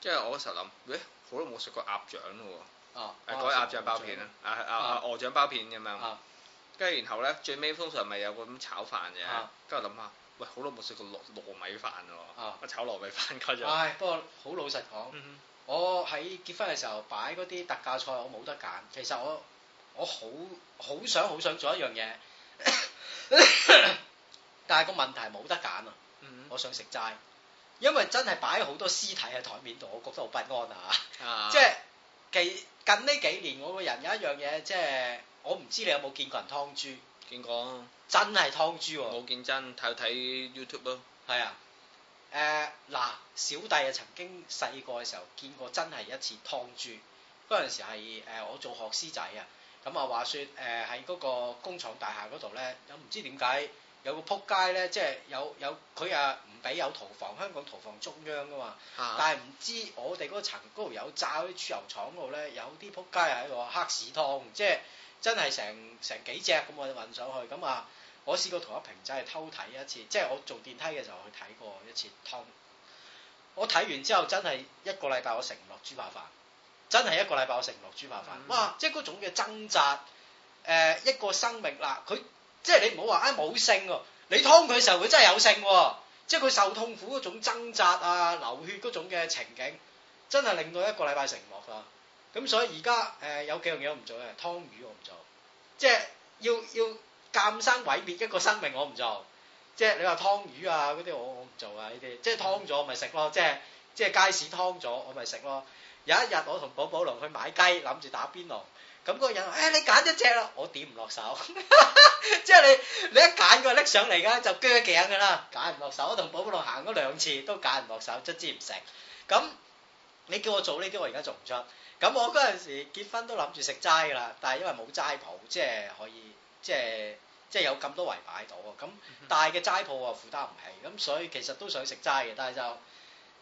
即係我嗰時候諗，誒、欸、好耐冇食過鴨掌咯喎。改鴨掌包片啊，啊啊啊，鵝掌包片咁樣，跟住然後咧，最尾通常咪有個咁炒飯嘅，跟住諗下，喂，好耐冇食過糯糯米飯喎，我炒糯米飯嗰種。唉，不過好老實講，我喺結婚嘅時候擺嗰啲特價菜，我冇得揀。其實我我好好想好想做一樣嘢，但係個問題冇得揀啊。我想食齋，因為真係擺好多屍體喺台面度，我覺得好不安啊，即係。近呢幾年我個人有一樣嘢，即係我唔知你有冇見過人劏豬？見過、啊。真係劏豬喎。冇見真，睇睇 YouTube 咯。係啊。誒嗱、啊呃，小弟啊曾經細個嘅時候見過真係一次劏豬。嗰、那、陣、個、時係我做學師仔啊。咁啊話説誒喺嗰個工廠大廈嗰度咧，又唔知點解。有個撲街咧，即係有有佢啊，唔俾有屠房，香港屠房中央㗎嘛，啊、但係唔知我哋嗰層嗰度有炸嗰啲豬油廠嗰度咧，有啲撲街喺度黑市湯，即係真係成成幾隻咁我哋運上去，咁啊，我試過同一瓶仔去偷睇一次，即係我做電梯嘅時候去睇過一次湯。我睇完之後真係一個禮拜我食唔落豬扒飯。真係一個禮拜我食唔落豬扒飯，嗯、哇！即係嗰種嘅掙扎，誒、呃、一個生命啦，佢。即係你唔好話啊，冇性，你劏佢嘅時候佢真係有性，啊，即係佢受痛苦嗰種掙扎啊，流血嗰種嘅情景，真係令到一個禮拜食唔落啦。咁所以而家誒有幾樣嘢我唔做咧，劏魚我唔做，即係要要監生毀滅一個生命我唔做，即係你話劏魚啊嗰啲我我唔做啊呢啲，即係劏咗我咪食咯，即係即係街市劏咗我咪食咯。有一日我同寶寶龍去買雞，諗住打邊爐。咁嗰個人，誒你揀一隻啦，我點唔落手，即係你你一揀佢又拎上嚟噶，就鋸頸噶啦，揀唔落手，同寶寶路行咗兩次都揀唔落手，卒之唔食。咁你叫我做呢啲，我而家做唔出。咁我嗰陣時結婚都諗住食齋噶啦，但係因為冇齋鋪，即係可以，即係即係有咁多圍擺到啊。咁大嘅齋鋪啊，負擔唔起，咁所以其實都想食齋嘅，但係就。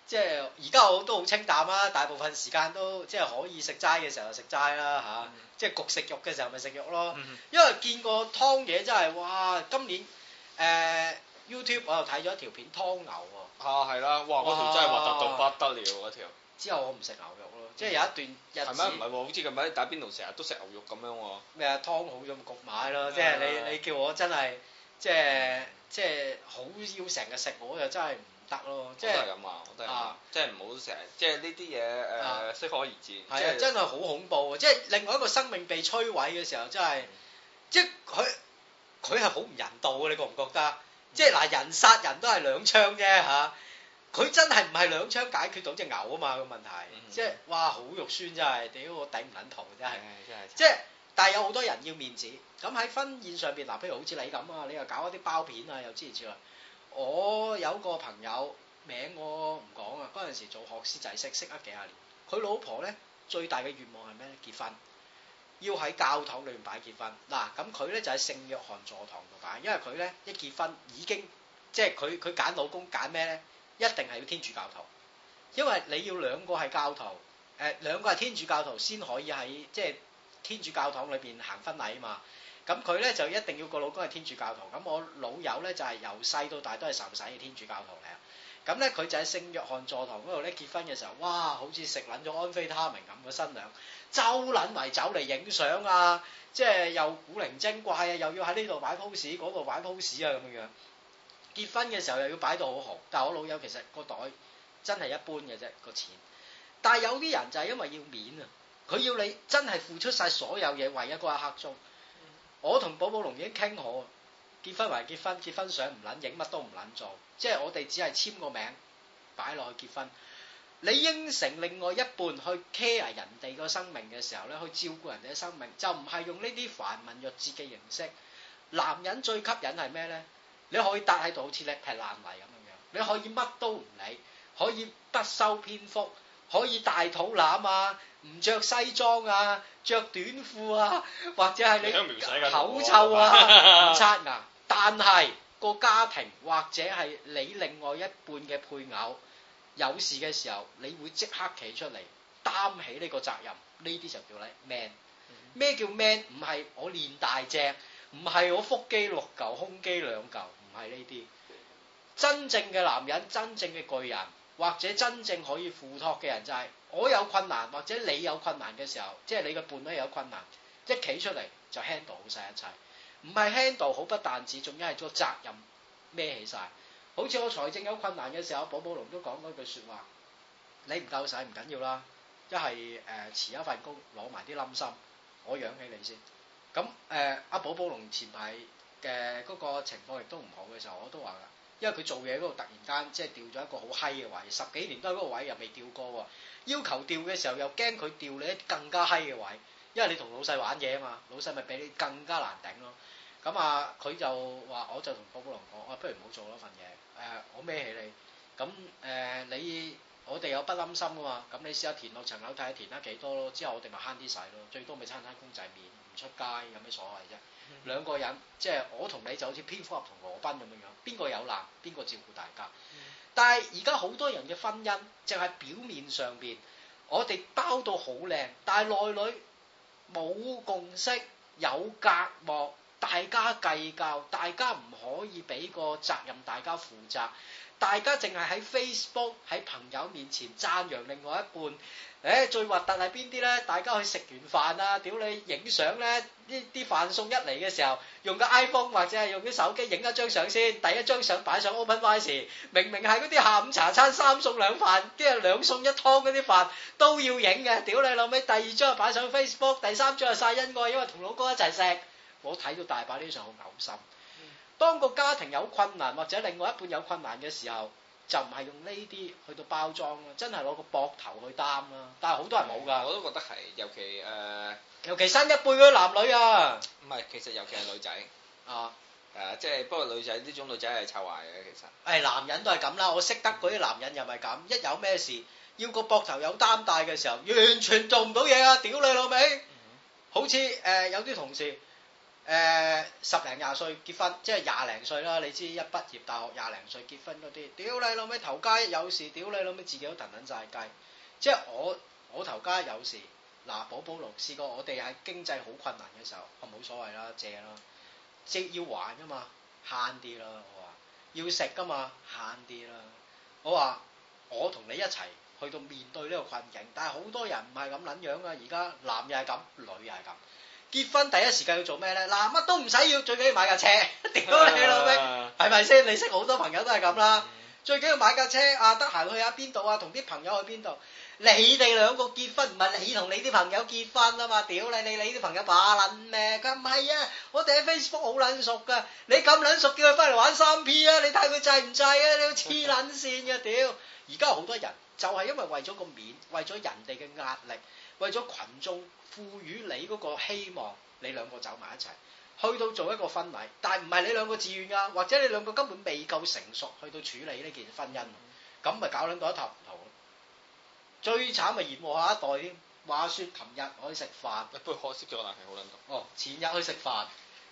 即係而家我都好清淡啦，大部分時間都即係可以食齋嘅時候食齋啦吓，即係焗食肉嘅時候咪食肉咯。因為見過湯嘢真係哇，今年誒 YouTube 我又睇咗一條片湯牛啊，係啦，哇，嗰條真係核突到不得了嗰條。之後我唔食牛肉咯，即係有一段日子。係咩？唔係好似近排打邊爐成日都食牛肉咁樣喎。咩啊？湯好咗咪焗買咯，即係你你叫我真係即係即係好要成日食，我就真係。得咯，即係咁啊，我覺得，即係，即係唔好成日，即係呢啲嘢誒，適可而止。係啊，真係好恐怖啊！即係另外一個生命被摧毀嘅時候，真係，即係佢，佢係好唔人道啊！你覺唔覺得？即係嗱，人殺人都係兩槍啫嚇，佢真係唔係兩槍解決到隻牛啊嘛個問題，即係哇好肉酸真係，屌我頂唔撚住真係，即係，但係有好多人要面子，咁喺婚宴上邊嗱，譬如好似你咁啊，你又搞一啲包片啊，又諸如此類。我有個朋友名我唔講啊，嗰陣時做學師仔係識識咗幾十年。佢老婆咧最大嘅願望係咩咧？結婚，要喺教堂裏面擺結婚。嗱，咁佢咧就喺、是、聖約翰座堂度擺，因為佢咧一結婚已經即係佢佢揀老公揀咩咧，一定係要天主教徒，因為你要兩個係教徒，誒、呃、兩個係天主教徒先可以喺即係天主教堂裏邊行婚禮啊嘛。咁佢咧就一定要個老公係天主教徒。咁我老友咧就係由細到大都係受洗嘅天主教徒嚟啊。咁咧佢就喺聖約翰座堂嗰度咧結婚嘅時候，哇！好似食撚咗安非他命咁嘅新娘，周撚圍走嚟影相啊！即係又古靈精怪啊，又要喺呢度擺 pose，嗰個擺 pose 啊，咁樣。結婚嘅時候又要擺到好豪，但係我老友其實個袋真係一般嘅啫，個錢。但係有啲人就係因為要面啊，佢要你真係付出晒所有嘢，為一個一刻鐘。我同寶寶龍已經傾好，結婚為結婚，結婚相唔捻影，乜都唔捻做，即係我哋只係簽個名擺落去結婚。你應承另外一半去 care 人哋個生命嘅時候咧，去照顧人哋嘅生命，就唔係用呢啲繁文縟節嘅形式。男人最吸引係咩咧？你可以搭喺度好似咧係爛泥咁樣，你可以乜都唔理，可以不修邊幅。可以大肚腩啊，唔着西裝啊，着短褲啊，或者係你口臭啊，唔刷牙。但係個家庭或者係你另外一半嘅配偶有事嘅時候，你會即刻企出嚟擔起呢個責任，呢啲就叫咧 man。咩叫 man？唔係我練大隻，唔係我腹肌六舊，胸肌兩舊，唔係呢啲。真正嘅男人，真正嘅巨人。或者真正可以付託嘅人就係我有困難或者你有困難嘅時候，即係你嘅伴侶有困難，一企出嚟就 handle 好晒一切，唔係 handle 好不但止，仲要係個責任孭起晒。好似我財政有困難嘅時候，寶寶龍都講嗰句説話：你唔夠使唔緊要啦，一係誒辭一份工攞埋啲冧心，我養起你先。咁、嗯、誒，阿、呃、寶寶龍前排嘅嗰個情況亦都唔好嘅時候，我都話。因為佢做嘢嗰度突然間即係掉咗一個好閪嘅位，十幾年都喺嗰個位又未調過，要求調嘅時候又驚佢調你更加閪嘅位，因為你同老細玩嘢啊嘛，老細咪俾你更加難頂咯。咁、嗯、啊，佢就話我就同波波龍講，啊呃，我不如唔好做嗰份嘢，誒我孭起你，咁、嗯、誒、呃、你我哋有不甘心啊嘛，咁你試下填落層樓睇下填得幾多咯，之後我哋咪慳啲使咯，最多咪餐餐公仔麵唔出街，有咩所謂啫？兩個人即係我同你，就好似蝙蝠俠同羅賓咁樣樣，邊個有難邊個照顧大家。但係而家好多人嘅婚姻，淨係表面上邊我哋包到好靚，但係內裏冇共識，有隔膜。大家計較，大家唔可以俾個責任大家負責，大家淨係喺 Facebook 喺朋友面前讚揚另外一半。誒、哎，最核突係邊啲咧？大家去食完飯啊，屌你影相咧！啲啲飯餸一嚟嘅時候，用個 iPhone 或者係用啲手機影一張相先，第一張相擺上 OpenRice，明明係嗰啲下午茶餐三餸兩飯，跟住兩餸一湯嗰啲飯都要影嘅。屌你老味，第二張擺上 Facebook，第三張就晒恩愛，因為同老公一齊食。我睇到大把呢啲嘢好嘔心。當個家庭有困難或者另外一半有困難嘅時候，就唔係用呢啲去到包裝啦，真係攞個膊頭去擔啦。但係好多人冇噶、嗯，我都覺得係，尤其誒，呃、尤其新一輩啲男女啊。唔係，其實尤其係女仔啊，誒、啊，即、就、係、是、不過女仔呢種女仔係湊壞嘅，其實。誒、哎，男人都係咁啦，我識得嗰啲男人又咪咁，一有咩事，要個膊頭有擔帶嘅時候，完全做唔到嘢啊！屌你老味，好似誒、呃、有啲同事。誒、嗯、十零廿歲結婚，即係廿零歲啦。你知一畢業大學廿零歲結婚多啲，屌你老味頭街，有事，屌你老味自己都騰騰晒街。即係我我 頭街，有事，嗱，寶寶龍試過我哋喺經濟好困難嘅時候，ve, beispiel, 我冇所謂啦，借啦，即要還㗎嘛，慳啲啦，我話要食㗎嘛，慳啲啦。我話我同你一齊去到面對呢個困境，但係好多人唔係咁撚樣啊。而家男又係咁，女又係咁。結婚第一時間要做咩咧？嗱，乜都唔使要，最緊要買架車，屌你老味，係咪先？你識好多朋友都係咁啦， 最緊要買架車啊，得閒去下邊度啊，同啲朋友去邊度？你哋兩個結婚唔係你同你啲朋友結婚啊嘛？屌你你你啲朋友把捻咩？佢唔係啊，我哋喺 Facebook 好捻熟噶，你咁捻熟叫佢翻嚟玩三 P 啊？你睇佢制唔制啊？你黐捻線啊！屌！而家好多人就係、是、因為為咗個面，為咗人哋嘅壓力。為咗群眾賦予你嗰個希望，你兩個走埋一齊，去到做一個婚禮，但係唔係你兩個自願噶，啊，或者你兩個根本未夠成熟去到處理呢件婚姻，咁咪，嗯、搞卵多一塌糊塗。最慘咪延誤下一代添。話說琴日我去食飯，啊、不過可惜咗個男嘅好卵多。哦，前日去食飯，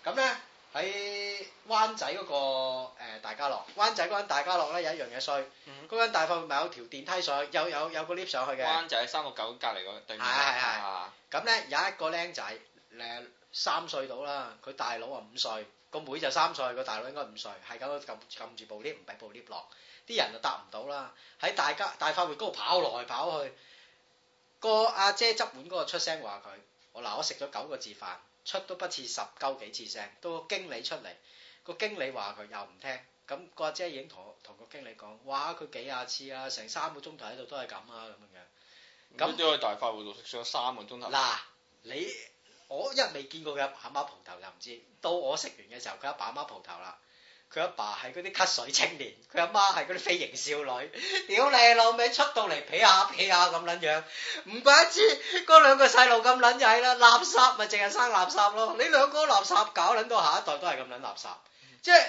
咁咧。喺灣仔嗰個大家樂，灣仔嗰間大家樂咧有一樣嘢衰，嗰間、嗯、哼大發會咪有條電梯上去，有有有個 lift 上去嘅。灣仔三個九隔離嗰對面。係係係。咁咧、啊、有一個僆仔誒三歲到啦，佢大佬啊五歲，個妹，妹就三歲，個大佬應該五歲，係咁撳撳住部 lift 唔俾部 lift 落，啲人就搭唔到啦。喺大家大發會嗰度跑來跑去，個阿姐執碗嗰個出聲話佢：我嗱我食咗九個字飯。出都不似十鳩幾次聲，到個經理出嚟，個經理話佢又唔聽，咁個阿姐已經同同個經理講，哇佢幾廿次啊，成三個鐘頭喺度都係咁啊咁樣，咁都可以大快活度食咗三個鐘頭。嗱，你我一未見過佢阿爸阿媽蒲頭就唔知，到我食完嘅時候佢阿爸阿媽蒲頭啦。佢阿爸係嗰啲咳水青年，佢阿媽係嗰啲飛型少女，屌你老味出到嚟比下比下咁捻樣，唔怪之嗰兩個細路咁捻就係啦，垃圾咪淨係生垃圾咯，你兩個垃圾搞捻到下一代都係咁捻垃圾，嗯、即係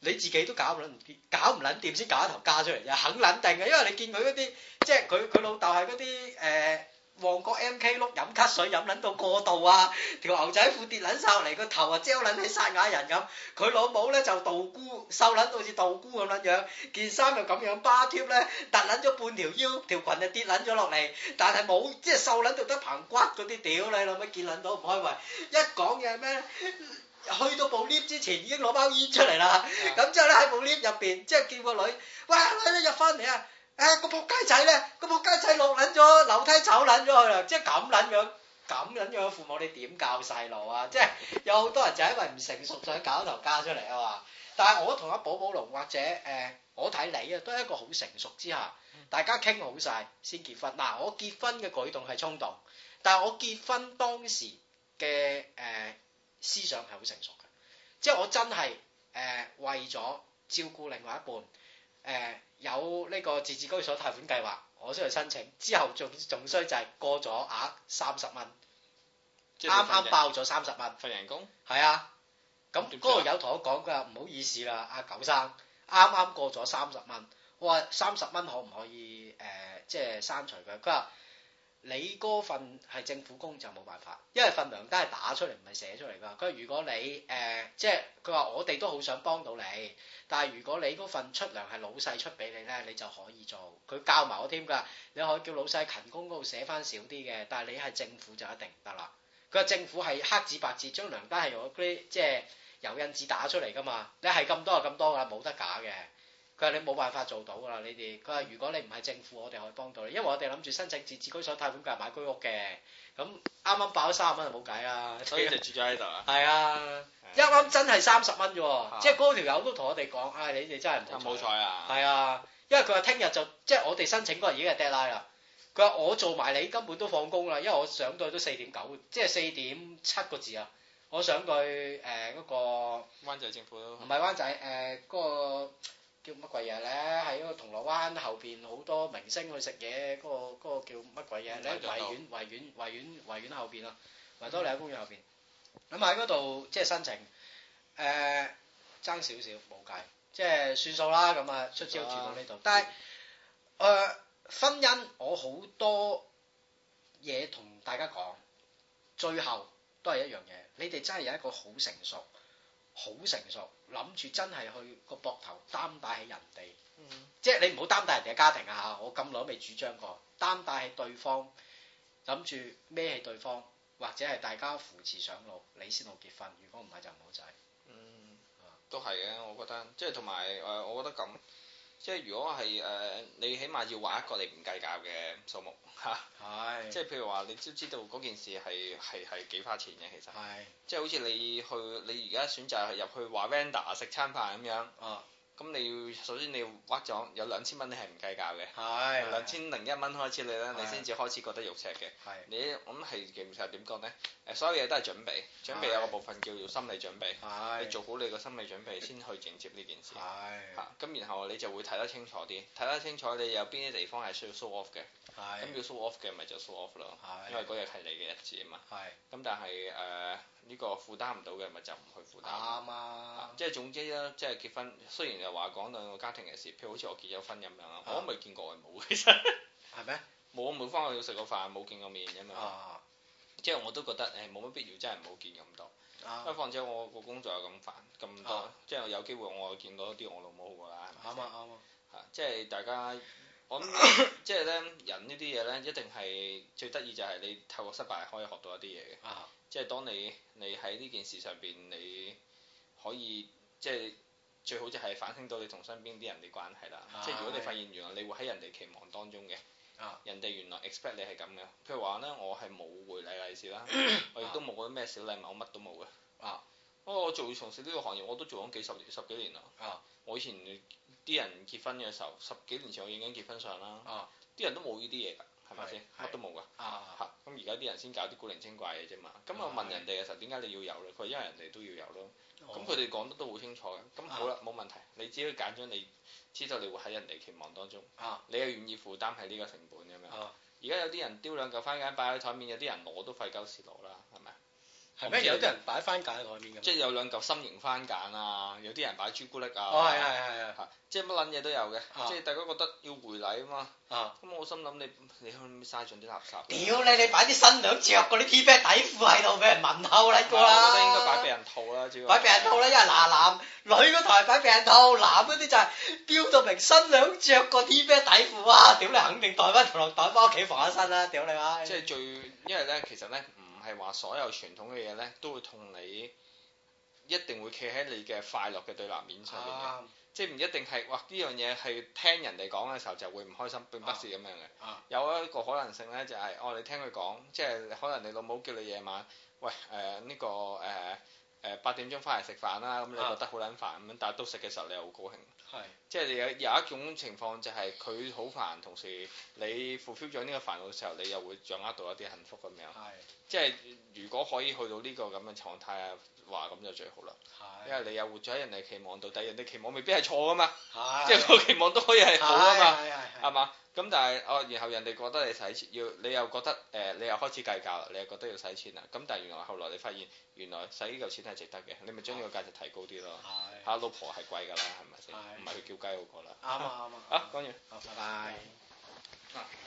你自己都搞捻搞唔捻掂先搞一頭家出嚟，又肯捻定嘅，因為你見佢嗰啲即係佢佢老豆係嗰啲誒。呃旺角 M K 碌飲咳水飲撚到過度啊！條牛仔褲跌撚晒落嚟，個頭啊焦撚起晒亞人咁。佢老母咧就道姑瘦撚到好似道姑咁撚樣，件衫就咁樣巴貼咧凸撚咗半條腰，條裙就跌撚咗落嚟。但係冇即係瘦撚到得棚骨嗰啲屌你老味見撚到唔開胃。一講嘢咩？去到部 lift 之前已經攞包煙出嚟啦。咁之後咧喺部 lift 入邊即係叫個女，喂，女，我入翻嚟啊！誒，啊個仆街仔咧，個仆街仔落撚咗，樓梯走撚咗佢啦，即係咁撚樣，咁撚樣父母，你點教細路啊？即係有好多人就係因為唔成熟，想搞一頭家出嚟啊嘛。但係我同阿寶寶龍或者誒、呃，我睇你啊，都係一個好成熟之下，大家傾好晒先結婚。嗱，我結婚嘅舉動係衝動，但係我結婚當時嘅誒、呃、思想係好成熟嘅，即係我真係誒、呃、為咗照顧另外一半。誒、呃，有呢個自置居所貸款計劃，我需要申請，之後仲仲衰就係過咗額三十蚊，啱啱爆咗三十蚊份人工，係啊，咁嗰個友同我講，佢話唔好意思啦，阿、啊、狗生，啱啱過咗三十蚊，我話三十蚊可唔可以誒、呃，即係刪除佢，佢話。你嗰份係政府工就冇辦法，因為份糧單係打出嚟唔係寫出嚟㗎。佢如果你誒、即係佢話我哋都好想幫到你，但係如果你嗰份出糧係老細出俾你咧，你就可以做。佢教埋我添㗎，你可以叫老細勤工嗰度寫翻少啲嘅。但係你係政府就一定唔得啦。佢話政府係黑字白字，將糧單係用嗰啲即係油印紙打出嚟㗎嘛。你係咁多就咁多㗎，冇得假嘅。佢話你冇辦法做到啦，你哋。佢話如果你唔係政府，我哋可以幫到你，因為我哋諗住申請自置居所貸款計劃買居屋嘅。咁啱啱爆咗三十蚊就冇計啦，所以一直住咗喺度啊。係 啊，一啱真係三十蚊啫喎，啊、即係嗰條友都同我哋講，唉、哎，你哋真係唔好彩啊。係啊，因為佢話聽日就即係我哋申請嗰日已經係 deadline 啦。佢話我做埋你根本都放工啦，因為我上到去都四點九，即係四點七個字啊。我上到去誒嗰個灣仔政府都唔係灣仔誒嗰、呃那個。叫乜鬼嘢咧？喺個銅鑼灣後邊好多明星去食嘢，嗰、嗰個嗰個叫乜鬼嘢咧？維園、維園、維園、維園後邊啊，維多利亞公園後邊。咁喺嗰度即係申請，誒爭少少冇計，即係算數啦。咁啊，出招轉到呢度，但係誒、呃、婚姻我好多嘢同大家講，最後都係一樣嘢。你哋真係有一個好成熟。好成熟，諗住真係去個膊頭擔帶起人哋，嗯、即係你唔好擔帶人哋嘅家庭啊！吓，我咁耐都未主張過，擔帶係對方諗住孭起對方，或者係大家扶持上路，你先好結婚，如果唔係就唔好仔。嗯，吧都係嘅，我覺得即係同埋誒，我覺得咁。即係如果係誒、呃，你起碼要畫一個你唔計較嘅數目吓。係、啊、是的 即係譬如話，你知唔知道嗰件事係係係幾花錢嘅，其實係是的 即係好似你去，你而家選擇係入去華 vander 食餐飯咁樣。嗯咁你要首先你要屈咗，有兩千蚊你係唔計較嘅，兩千零一蚊開始你咧，你先至開始覺得肉赤嘅。係，你咁係其實點講咧？誒，所有嘢都係準備，準備有個部分叫做心理準備，你做好你個心理準備先去迎接呢件事。係。嚇，咁然後你就會睇得清楚啲，睇得清楚你有邊啲地方係需要 show off 嘅，咁要 show off 嘅咪就 show off 咯，因為嗰日係你嘅日子啊嘛。係。咁但係誒。呢個負擔唔到嘅，咪就唔去負擔。啱啊！即係總之咧，即係結婚，雖然又話講兩個家庭嘅事，譬如好似我結咗婚咁樣啊，我都未見過外母，其實。係咩？冇啊！冇翻去食過飯，冇見過面因為。即係我都覺得誒，冇乜必要真係唔好見咁多。啊！況且我個工作又咁煩咁多，即係有機會我見到一啲我老母好過啦。啱啊！啱啊！嚇！即係大家，我即係咧人呢啲嘢咧，一定係最得意就係你透過失敗可以學到一啲嘢嘅。即係當你你喺呢件事上邊，你可以即係最好就係反省到你同身邊啲人嘅關係啦。的即係如果你發現原來你會喺人哋期望當中嘅，啊、人哋原來 expect 你係咁嘅。譬如話咧，我係冇回禮禮事啦， 啊、我亦都冇嗰啲咩小禮物，乜都冇嘅。啊，不過我做從事呢個行業，我都做咗幾十十幾年啦。啊，我以前啲人結婚嘅時候，十幾年前我影緊結婚相啦。啲、啊、人都冇呢啲嘢㗎。係先？乜都冇㗎，嚇、啊！咁而家啲人先搞啲古靈精怪嘅啫嘛。咁我問人哋嘅時候，點解你要有咧？佢話因為人哋都要有咯。咁佢哋講得都好清楚嘅。咁好啦，冇、啊、問題。你只要揀咗你知道你會喺人哋期望當中，啊、你又願意負擔喺呢個成本咁樣。而家、啊、有啲人丟兩嚿番梘擺喺台面，有啲人攞都費鳩事攞啦。係咩？有啲人擺番梘喺外面嘅，即係有兩嚿心形番梘啊，有啲人擺朱古力啊，哦，係係係啊，即係乜撚嘢都有嘅，即係大家覺得要回禮啊嘛，啊，咁我心諗你你可曬盡啲垃圾。屌你！你擺啲新娘着嗰啲 T 恤底褲喺度，俾人聞臭你估啦？我覺得應該擺避孕套啦，主要。擺避孕套啦，因為嗱男女個台擺避孕套，男嗰啲就係標到明新娘着個 T 恤底褲啊！屌你，肯定袋翻落袋翻屋企防一身啦！屌你閪。即係最，因為咧，其實咧。係話所有傳統嘅嘢咧，都會同你一定會企喺你嘅快樂嘅對立面上邊嘅，啊、即係唔一定係哇呢樣嘢係聽人哋講嘅時候就會唔開心，並不是咁樣嘅。啊啊、有一個可能性咧、就係，就係哦你聽佢講，即係可能你老母叫你夜晚，喂誒呢、呃呢個誒誒、呃呃呃、八點鐘翻嚟食飯啦，咁、啊、你覺得好捻煩咁樣，但係都食嘅時候你又好高興。是即係你有有一種情況，就係佢好煩，同時你 fulfill 咗呢個煩惱嘅時候，你又會掌握到一啲幸福咁樣。係是，即係如果可以去到呢個咁嘅狀態啊，話咁就最好啦。是因為你又活咗喺人哋期望度，但係人哋期望未必係錯噶嘛。係是，即係個期望都可以係好啊嘛，係嘛？咁但係我、哦，然後人哋覺得你使錢要，你又覺得誒、呃，你又開始計較啦，你又覺得要使錢啦。咁但係原來後來你發現，原來使呢嚿錢係值得嘅，你咪將呢個價值提高啲咯。嚇、啊，係老婆係貴㗎啦，係咪先？唔係是去叫雞嗰個啦。啱啊啱啊。嚇，講完。好，拜拜。